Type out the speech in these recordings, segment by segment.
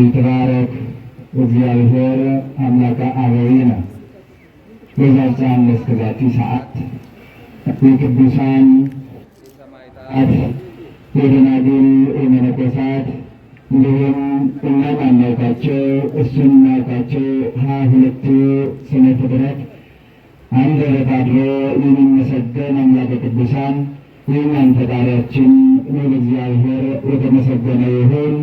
ይትባረክ እግዚአብሔር አምላከ አበዊነ ወዛጻን እስከዛቲ ሰዓት የቅዱሳን የደናግል የመነኮሳት እንዲሁም እኛም አናውቃቸው እሱን እናውቃቸው ሀያ ሁለቱ ስነ ፍጥረት አንድ ረት የሚመሰገን አምላከ ቅዱሳን የእኛን ፈጣሪያችን ምን የተመሰገነ ይሁን።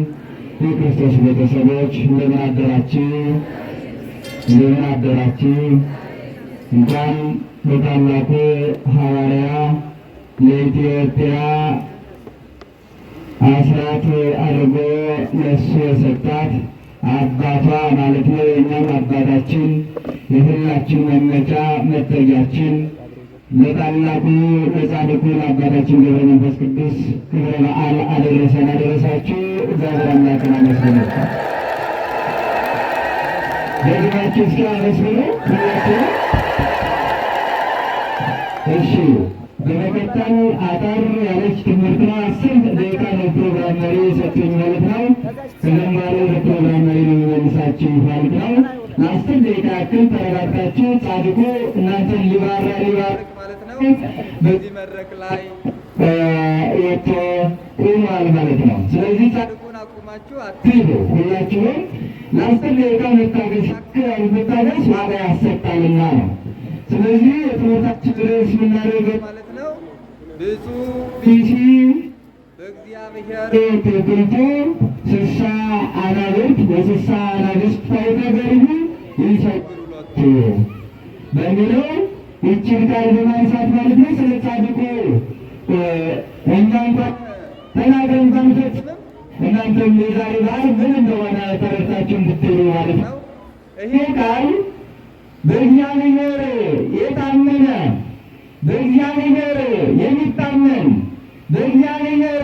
የክርስቶስ ቤተሰቦች እንደምን አደራችሁ? እንደምን አደራችሁ? እንኳን በታላቁ ሐዋርያ ለኢትዮጵያ አስራት አድርጎ ለሱ የሰጣት አባቷ ማለት ነው። የእኛም አባታችን የሁላችን መመጫ መጠጊያችን ለታላቁ የጻድቁ ለአባታችን ገብረ መንፈስ ቅዱስ ክብረ በዓል አደረሰን አደረሳችሁ። እግዚአብሔር አምላክን አመስግኑ። ደግማችሁ እስኪ አመስግኑ። እሺ፣ በመቀጠል አጠር ያለች ትምህርት ነው። አስር ደቂቃ ነው መሪ ሰጥቶኝ ማለት ነው። ከዘንባሌ ለፕሮግራም መሪ ነው የሚመልሳችሁ ማለት ነው። አስፈልጋችሁ ተረጋግታችሁ ጻድቁ እናንተን ሊባራ ሊባርክ ማለት ማለት ነው። ስለዚህ ጻድቁን አቁማችሁ አትሂዱ። ሁላችሁም ለአስፈልጋችሁ መታገስ መታገስ ዋጋ ያሰጣልና ነው። ስለዚህ የትምህርታችን ድረስ የምናደርገው ማለት ነው ብፁዕ ቢሲ በእግዚአብሔር ትጉልቱ ስሳ አናብርት በስሳ አናብስት ታይታገርሁ በሚለው ይችን ቃል በማንሳት ማለት ነው። ስለ ጻድቁ እኛ እንኳን ተናገር እንኳን እናንተም የዛሬ በዓል ምን እንደሆነ ተረድታችሁ እንድትሉ ማለት ነው። ይህ ቃል በእግዚአብሔር የታመነ በእግዚአብሔር የሚታመን በእግዚአብሔር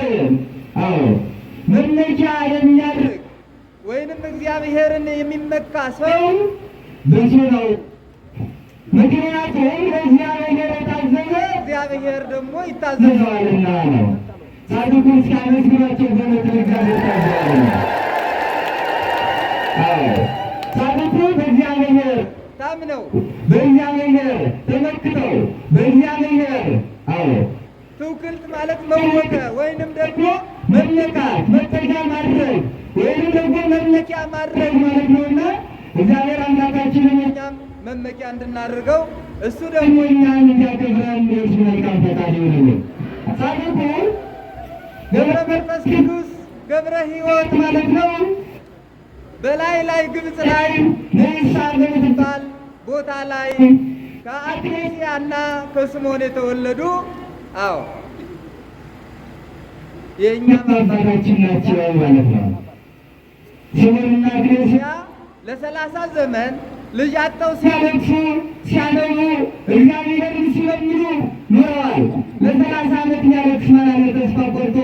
አዎ መመኪያ የሚያደርግ ወይንም እግዚአብሔርን የሚመካ ሰው በዚህ ነው። ምክንያቱም በእግዚአብሔር የታዘዘ እግዚአብሔር ደግሞ ይታዘዘዋልና ነው። ጻድቁ እስኪያመስግናቸው በምድር እግዚአብሔር ታዘዋልና ጻድቁ በእግዚአብሔር ታምነው በእግዚአብሔር ተመክተው በእግዚአብሔር አዎ ትውክልት ማለት መወቀ ወይንም ደግሞ መመካት መጠጃ ማድረግ ወይንም ደግሞ መመኪያ ማድረግ ማለት ነውና እግዚአብሔር መመኪያ እንድናደርገው እሱ ደግሞ እኛን እንዲያከብረን ገብረ መንፈስ ቅዱስ ገብረ ሕይወት ማለት ነው። በላይ ላይ ግብፅ ላይ ንሳ በምትባል ቦታ ላይ ከአትሌስያና ከስምዖን የተወለዱ አዎ የእኛ አባታችን ናቸው ማለት ነው። ስምዖንና አትሌስያ ለሰላሳ ዘመን ልጅ አጣው ሲያለቅሱ ሲያነቡ እግዚአብሔርን ሲለምኑ ኖረዋል። ለሰላሳ ዓመት የሚያለቅስ መናለ ተስፋ ቆርጦ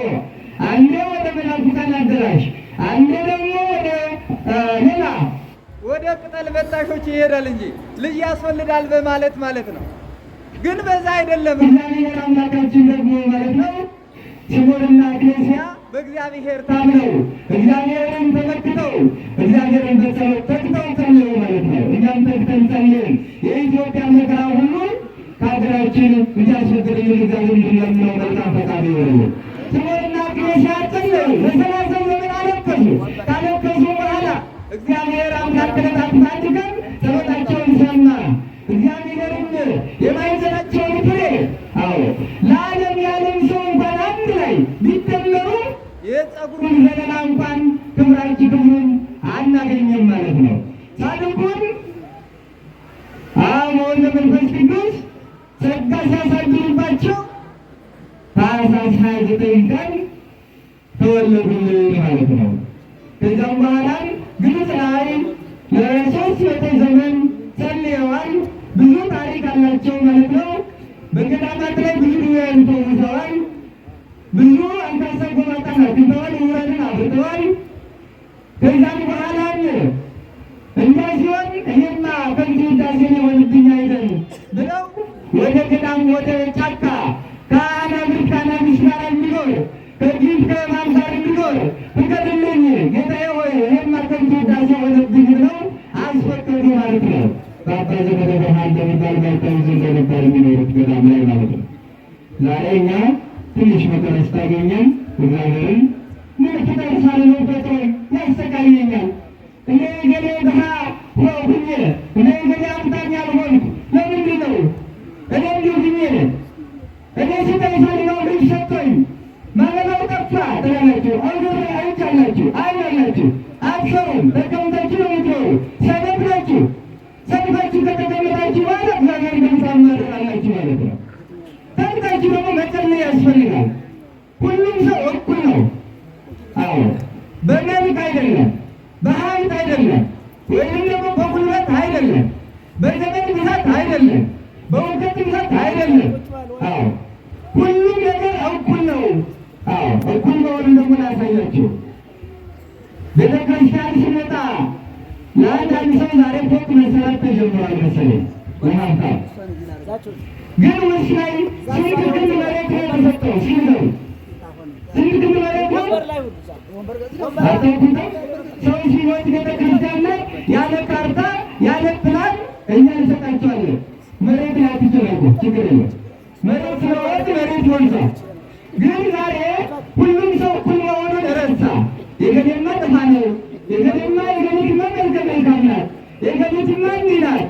አንዴ ወደ መናፍቃን አዳራሽ አንዴ ደግሞ ወደ ሌላ ወደ ቅጠል በጣሾች ይሄዳል እንጂ ልጅ ያስወልዳል በማለት ማለት ነው። ግን በዛ አይደለም። እግዚአብሔር አምላካችን ደግሞ ማለት ነው ሲሞንና ኤክሌሲያ በእግዚአብሔር ታምነው እግዚአብሔርን ተመክተው እግዚአብሔርን በጸሎት ተግተው ተምነው እንጸልይም። የኢትዮጵያ መከራ ሁሉ ከሀገራችን እንዲያስወግድልን እግዚአብሔር እንድንለምነው መልካም ፈቃዱ ይሆንልን። ስምዖንና ቅሬሻ ጸለዩ፣ ዘመን አለቀሱ። ካለቀሱ በኋላ እግዚአብሔር አምላክ ከለታት አድርገን ጸሎታቸውን ሰማ። እግዚአብሔርም የማይዘናቸውን ፍሬ አዎ ለዓለም ያለም ሰው እንኳን አንድ ላይ ቢደመሩ የጸጉሩን ዘለላ እንኳን ክብራች ክብሩን አናገኘም ማለት ነው። መንፈስ ቅዱስ ጸጋ ሲያሳድርባቸው ታኅሳስ ሃያ ዘጠኝ ቀን ተወለዱልን ማለት ነው። ከዚያም በኋላ ግልጽ ራእይ ለሶስት ቅዳሴ በነብዩ ነው አስፈቀዱ ማለት ነው። በአባ ዘመነ ብርሃን እንደሚባል ማይታይዘ እንደነበር የሚኖሩት ገዳም ላይ ማለት ነው። ዛሬ እኛ ትንሽ መከራ ስታገኘን እግዚአብሔርን ምልክት ሳለነው ፈጥሮ ያሰቃየኛል እኔ ገሌ ድሃ እኩል በሆነ ደግሞ ላሳያችሁ። ቤተክርስቲያን ሲመጣ ለአንዳንድ ሰው ዛሬ ፎቅ መሰራት ተጀምሯል መሰለኝ ግን ላይ ስንት መሬት ነው የተሰጠው? ስንት መሬት ነው? ሰው ቤተክርስቲያን ላይ ያለ ካርታ ያለ ፕላን እኛ እንሰጣቸዋለን። መሬት ችግር መሬት መሬት ግን ዛሬ ሁሉም ሰው እኩል መሆኑን ረሳ። የገሌማ ጥፋ ነው፣ የገሌማ የገሌትማ መልከ መልካም ናት፣ የገሌትማ እንዲህ ናት፣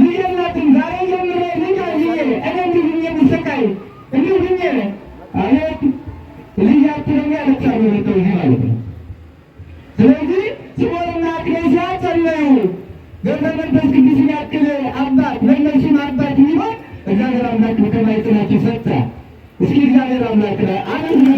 ልጅ የላትም። ዛሬ ጀምሬ ልጅ አልዬ እኔ እንዲሁ ብዬ የምሰቃይ እንዲሁ ብዬ አቤት ልጅ አትለኝ ያለቻሉ መጠው ማለት ነው። ስለዚህ ሲሞንና ክሌሲያ ጸለዩ ገብረ መንፈስ ቅዱስን ያክል አባት ለእነሱም አባት የሚሆን እግዚአብሔር አምላክ በከማይ ሰጠ። እስኪ እግዚአብሔር አምላክ ላይ አንድ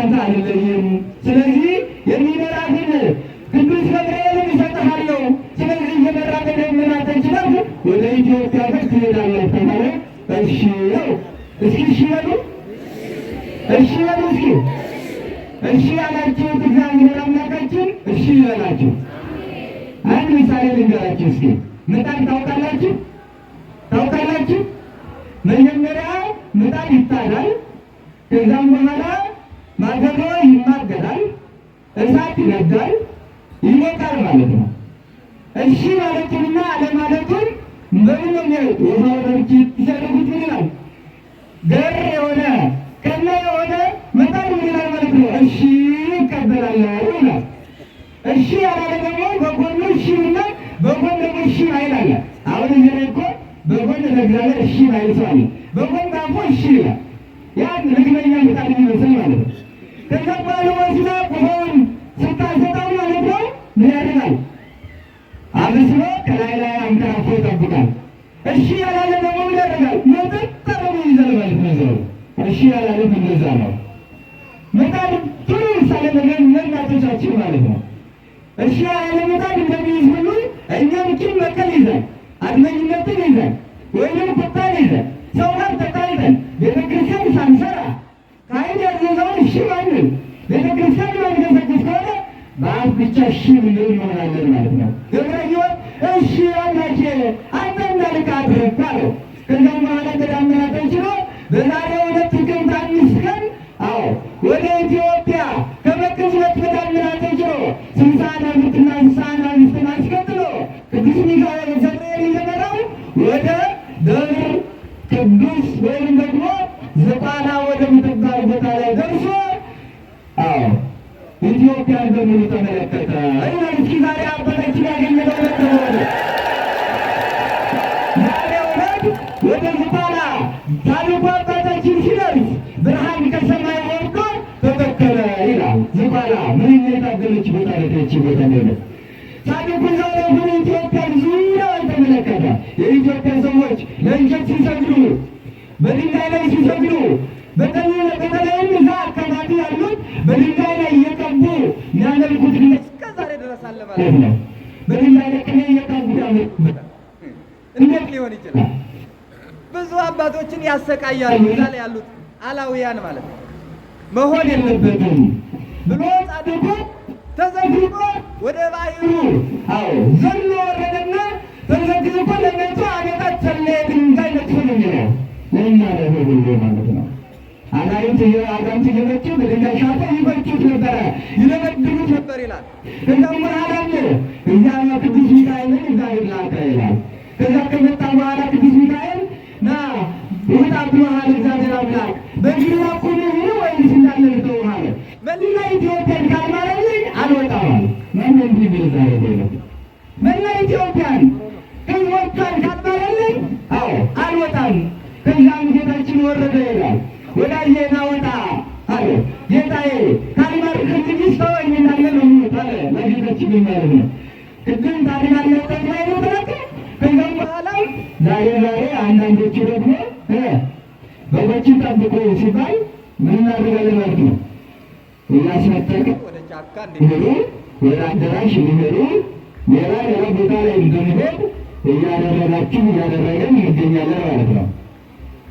ከእናንተ አይለይም። ስለዚህ የሚመራህን ቅዱስ ገብርኤል ይሰጥሃለው። ስለዚህ እየመራ በደመናተ ይችላል ወደ ኢትዮጵያ ገር ትሄዳለህ ተባለ። እሺ ነው እስኪ እሺ በሉ እሺ በሉ እስኪ እሺ ያላችሁት እግዚአብሔር አምላካችን እሺ ይበላችሁ። አንድ ምሳሌ ልንገራችሁ እስኪ። ምጣድ ታውቃላችሁ? ታውቃላችሁ? መጀመሪያ ምጣድ ይጣዳል። ከዛም በኋላ ማገሪያ ይማገዳል፣ እሳት ይነዳል፣ ይሞቃል ማለት ነው። እሺ ማለቱንና አለማለቱን በምን ነው የሚያዩት? የሰው ድርጊት ምን ይላል? ገር የሆነ ቀና የሆነ መጣር ምን ይላል ማለት ነው። እሺ ይቀበላል ይላል። እሺ ያላለ ደግሞ በጎኑ እሺ እና በጎን ደግሞ እሺ ማይል አለ። አሁን እዚህ ላይ እኮ በጎን ለእግዚአብሔር እሺ ማይል ሰው አለ። በጎን ባፎ እሺ ይላል። ያ ልግመኛ መጣር የሚመስል ማለት ነው። ለከባድ ወስዳ ቁመውን ስታሰጠው ማለት ነው። ምን ያደርጋል? አብስሎ ከላይ ላይ አምዳፎ ይጠብቃል። እሺ ያላለ ደግሞ ምን ያደርጋል? መጠጥ ይዘል ማለት ነው ሰው እሺ ያላለ እንደዛ ነው። በጣም ጥሩ ምሳሌ ነገር ለእናቶቻችን ማለት ነው። እሺ ያላለ በጣም እንደሚይዝ ሁሉ እኛም ቂም በቀል ይዘን አድመኝነትን ይዘን ወይም ቁጣን ይዘን ሰው ተጣልተን ቤተክርስቲያን ሳንሰራ አትበሉ። ቤተክርስቲያን ማንቀሳቀስ ከሆነ በአፍ ብቻ እሺ ብሎ ይሆናለን ማለት ነው። ገብረ ሕይወት እሺ አላቸ አንተ እንዳልቅ አድረግ አለው። ከዛም በኋላ ተዳመና ተችሎ በዛሬ ሁለት ጥቅምት አምስት ቀን አዎ ወደ ኢትዮጵያ ከመቅሰበት ተዳመና ተችሎ ስንሳ ነብርትና ስንሳ ነብርት የሆነች ቦታ የተመቸ ቦታ ነው። ሳይኩዛ ለሁሉ ኢትዮጵያ ዙሪያ ተመለከተ። የኢትዮጵያ ሰዎች ለእንጨት ሲሰግዱ፣ በድንጋይ ላይ ሲሰግዱ፣ በተለይም እዛ አካባቢ ያሉት በድንጋይ ላይ እየቀቡ ያመልኩት እስከዛሬ ድረስ አለ ማለት ነው። በድንጋይ ላይ ቅቤ እየቀቡ ያመልኩበታል። እንዴት ሊሆን ይችላል? ብዙ አባቶችን ያሰቃያሉ። እዛ ላይ ያሉት አላውያን ማለት ነው። መሆን የለበትም ብሎ ጻድቁ ተዘግዝቆ ወደ ባሕሩ ዘሎ ወረደና ተዘግዝቆ ለነቱ ዓመታት ሰለየ ድንጋይ ነጥፎ ነው የሚለው ለእናደረ ብሎ ማለት ነው። አጋሪት አጋምት እየመችው በድንጋይ ሻፈ ይበጩት ነበረ ይደበድቡት ነበር ይላል። እተምራላለ እዚያ ቅዱስ ሚካኤልን እግዚአብሔር ላከ ይላል። ከዛ ከመጣ በኋላ ቅዱስ ሚካኤል ና ይህት አብዱሃል እግዚአብሔር አምላክ በግራ ቁሙ ወይ እንዳለ ልተውሃለ በሌላ ኢትዮጵያ ደግሞ በጎችን ጠብቆ ሲባል ምን እናደርጋለን ማለት ነው? እያስመጠቀ ሄዱ፣ ወደ አዳራሽ ሊሄዱ ሌላ ሌላ ቦታ ላይ እንደሚሄድ እያደረጋችሁ እያደረገን እንገኛለን ማለት ነው።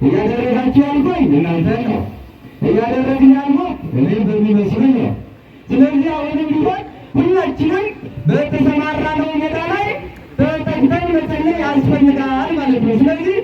እያደረጋችሁ ያልኩኝ እናንተ ነው። እያደረግን ያልኩት እኔም በሚመስሉኝ ነው። ስለዚህ አሁንም ቢሆን ሁላችንም በተሰማራነው ቦታ ላይ ተጠቅተን መጸለይ ያስፈልጋል ማለት ነው። ስለዚህ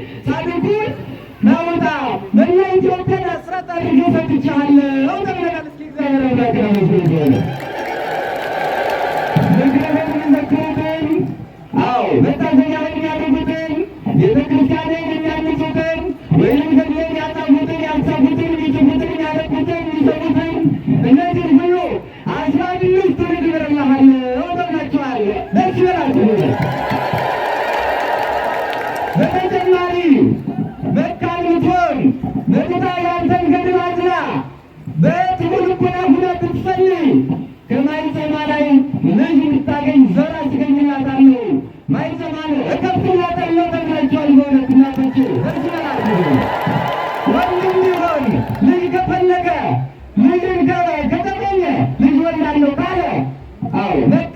ይመሰክራል። በተጨማሪ መካኒቶን መድታ ያንተን ገድል አዝላ በጥሩ ልቡና ሁና ብትጸልይ ከማይጸማ ላይ ልጅ እንድታገኝ ዘር አስገኝላታለሁ። ማይጸማን እከፍትላታለሁ ተብላችኋል። በእውነት እናቶች በስመናል ወንድም ቢሆን ልጅ ከፈለገ ልጅን ከተገኘ ልጅ ወልዳለሁ ካለ አዎ መካ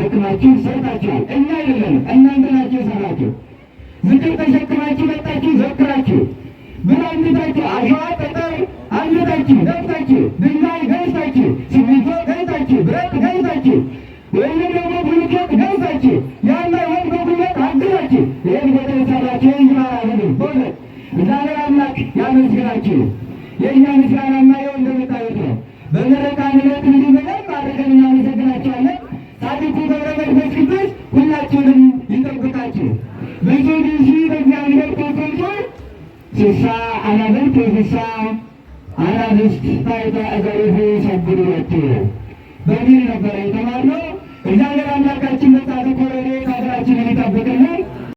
ደክማችሁ ሰርታችኋል። እኛ አይደለንም እናንተ ናችሁ የሰራችሁ። ዝክር ተሸክማችሁ መጣችሁ፣ ዘክራችሁ ብር አንግታችሁ፣ አሸዋ ጠጠር አንግታችሁ፣ ገዝታችሁ፣ ድንጋይ ገዝታችሁ፣ ሲሚንቶ ገዝታችሁ፣ ብረት ገዝታችሁ፣ ወይም ደግሞ ብሎኬት ገዝታችሁ፣ ያና ወን በጉልበት አግዛችሁ ይህን ቦታ የሰራችሁ ይማራ በእውነት እግዚአብሔር አምላክ ያመስግናችሁ። የእኛ ምስጋናማ የወንድ መጣወት ነው። በምረቃ ንለት እንዲህ በደንብ አድርገን እናመሰግናችኋለን። ጻድቁ ገብረ መንፈስ ቅዱስ ሁላችንም ይጠብቃችሁ። ብዙ ጊዜ በእግዚአብሔር ተገልጾ ስሳ አናብርት ስሳ አናብስት ታይታ እገሪሁ ሰግዱ በሚል ነበረ የተማርነው። እግዚአብሔር አምላካችን በጻድቁ ረድኤት ሀገራችንን ይጠብቅልን።